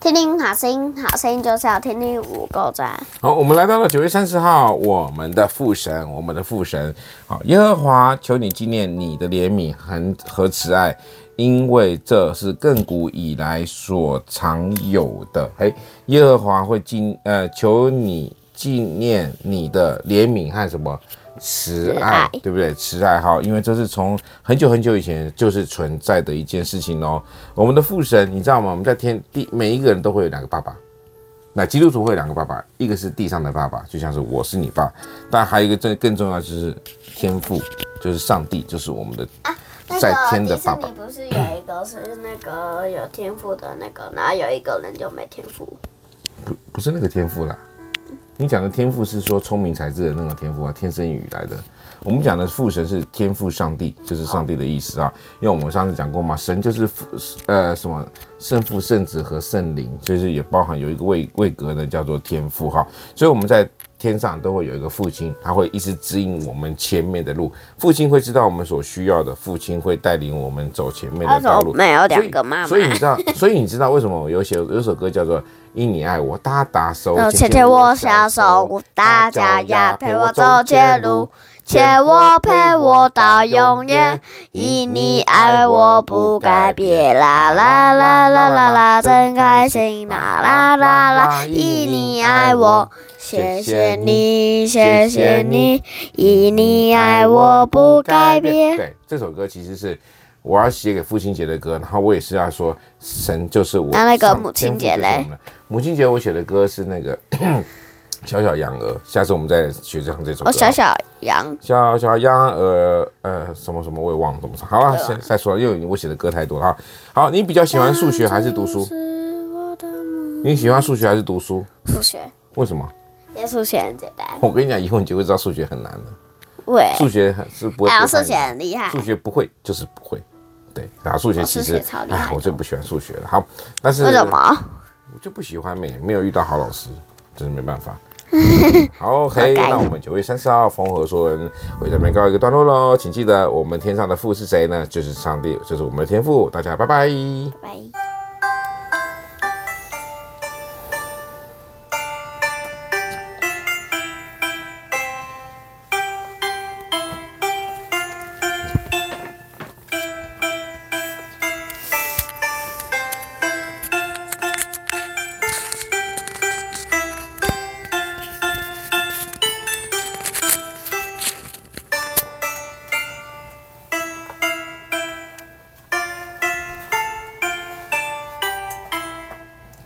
聽聽好聲音，好聲音就是要聽聽五夠讚。好，我們來到了九月三十號，我們的父神，我們的父神，好，耶和華，求你紀念你的憐憫和和慈愛，因為這是亘古以來所常有的。哎、欸，耶和華會經呃，求你。紀念你的憐憫和什麼慈愛，對不對？慈愛哈，因為這是從很久很久以前就是存在的一件事情哦。我們的父神，你知道嗎？我們在天地每一個人都會有兩個爸爸，那基督徒會有兩個爸爸，一個是地上的爸爸，就像是我是你爸，但還有一個更更重要就是天父，就是上帝，就是我們的在天的爸爸。啊，那個，不是有一個是那個有天賦的那個， 然後有一個人就沒天賦，不不是那個天賦啦。你講的天父是說聰明才智的那種天父啊，天生與來的。我們講的父神是天父上帝，就是上帝的意思啊，好因為我們上次講過嘛，神就是父，呃，什麼聖父、聖子和聖靈，所以是也包含有一個位位格呢，叫做天父哈。所以我們在。天上都會有一個父親，他會一直指引我們前面的路。父親會知道我們所需要的，父親會帶領我們走前面的道路。說以沒有兩個媽媽，所以，所以你知道， 所以你知道為什麼有首有首歌叫做《因你愛我》，大大 手牽牽，我小手，大家呀陪我走前路，牽我陪我到永遠。因你愛我不改變，啦啦啦啦啦啦，真開心啦，啦啦啦啦，因你愛我。謝謝你，謝謝你，因你愛我不改變。謝謝改變，對，這首歌其實是我要寫給父親節的歌，然後我也是要說神就是我、啊。那個母親節嘞？母親節我寫的歌是那個小小羊兒，下次我們再學唱這首歌。哦，小小羊，小小羊兒，呃，什麼什麼我也忘了怎麼唱。好了、啊，先、啊、再說，因為我寫的歌太多了、啊。好，你比較喜歡數學還是讀書？是我的你喜歡數學還是讀書？數學？為什麼？數學很簡單，我跟你講，以後你就會知道數學很難了、啊。喂對，數學還是不會、哎哦，數學很厲害，數學不會就是不會，對，然後數學其實，哦、哎，我最不喜歡數學了。好，但是為什麼？我就不喜歡，美，沒有遇到好老師，真是沒辦法。 好，o、okay, k Okay. 那我們九月三十號《豐禾碩恩》會這邊告一個段落嘍，請記得我們天上的父是誰呢？就是上帝，就是我們的天父。大家拜。拜。拜拜。